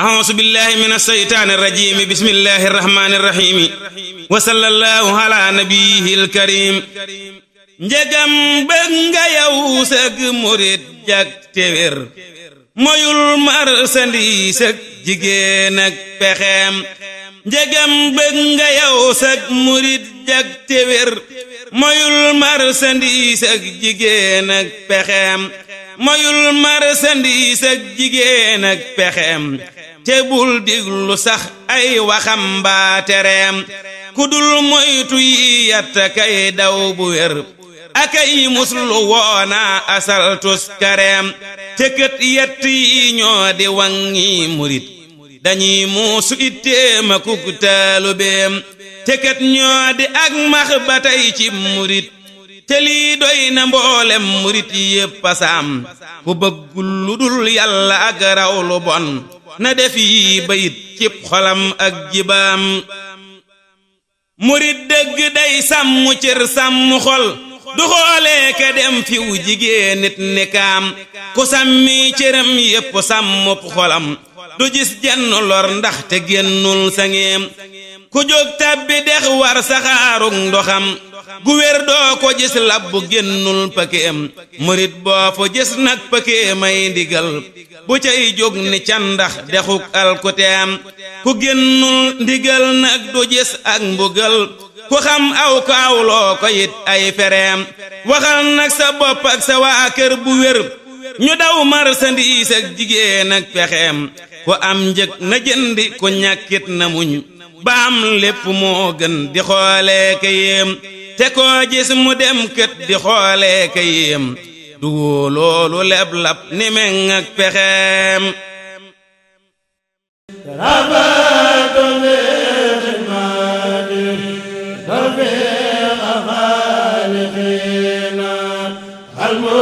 أعوذ بالله من الشيطان الرجيم بسم الله الرحمن الرحيم وصلى الله على نبيه الكريم njëgam bëgg nga yow sëg murit jag tewér moyul mar sandi sëg jigéen ak pexeem njëgam bëgg nga yow sëg murit jag tewér moyul mar sandi sëg jigéen ak pexeem moyul mar sandi sëg jigéen ak pexeem te bul diglu sax ay waxam ku dul moytu yi yatt kay daw bu wér akay muslu woona asaltus kareem te kët yett yi ñoo di murit dañuy muusu ittéema kuk taalu beem te kët ñoo ak max ba tey ci murit te lii doy na mboolem murit yépp ku bëggul dul yàlla ak raw bon na defi bayit cib xolam ak jibaam murit dëgg day sàmm cër sàmm xol du xoolee dem fiw jigéen nit ni kaam ku sàmmi cëram yépp sàmmub xolam du gis jenn lor ndax te génnul sangeem ku jóg tabbi dex war saxaarug ndoxam gu wér doo ko gis labbu génnul pëkéem murit boo fu gis nag pëkéemay ndigal bu cay jóg ni candax dexuk alkuteem ku génnul ndigal nag du gis ak mbugal ku xam aw ko awloo ay fereem waxal nag sa bopp ak sa waa kër bu wér ñu daw marsandiis ak jigéen ak pexeem ku am njëg na jëndi ku ñàkkit na muñ ba am lépp moo di xoolee ka te koo gis mu dem kët di xoolee ka yéem duwoo loolu leblab ni meŋ pexeem